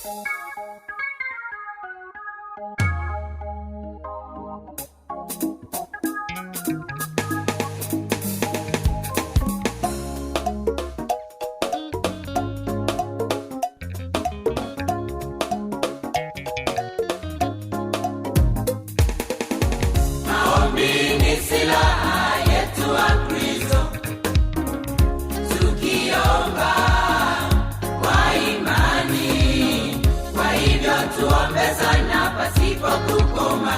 Thank you. Bwana pasipo kukoma,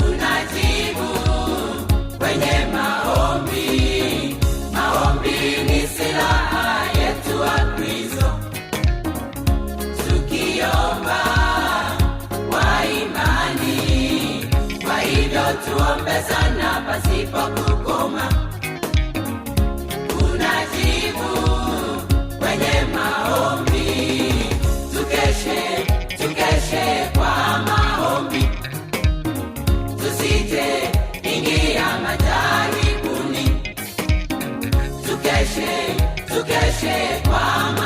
unajibu kwenye maombi. Maombi ni silaha yetu wa Kristo, tukiomba kwa imani. Kwa hivyo tuombe sana pasipo kukoma, unajibu kwenye maombi tukeshe tuendeshe kwa maombi, tusije ingia majaribuni, tukeshe tukeshe kwa maombi.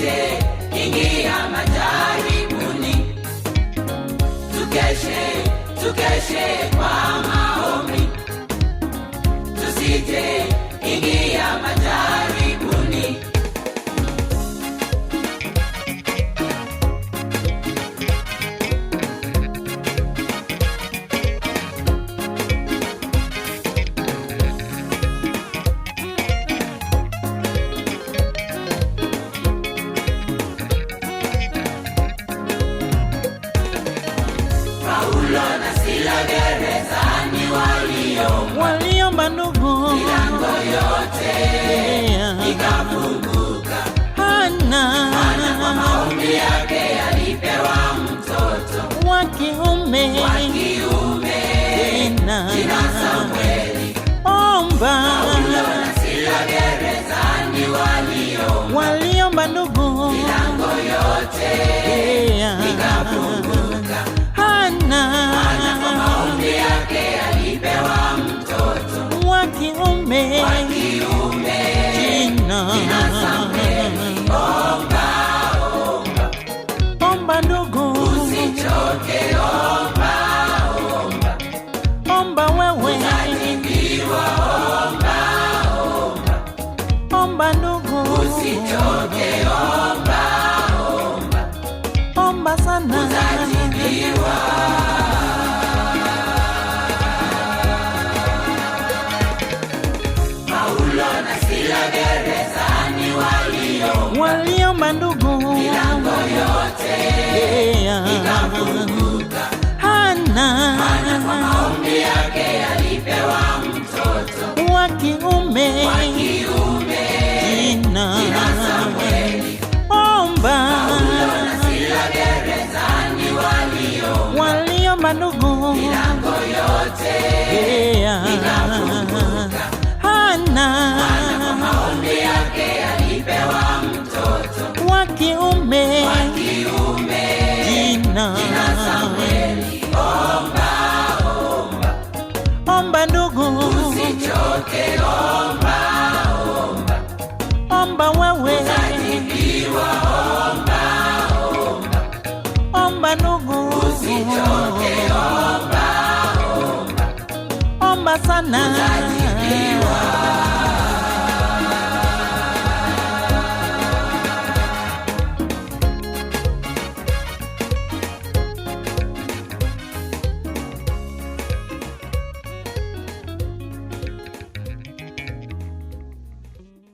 tusiingie, ingia majaribuni, tukeshe, tukeshe kwa kila gerezani waliomba waliomba ndugu, milango yote yeah, ikafunguka. Hana kwa maombi yake alipewa mtoto wa kiume nyumba ndogo. Usichoke, omba omba, omba sana, utajibiwa. Paulo na Sila gerezani walio walio ndogo ndugu, milango yote Hana maombi yake alipewa mtoto wa kiume, jina nada.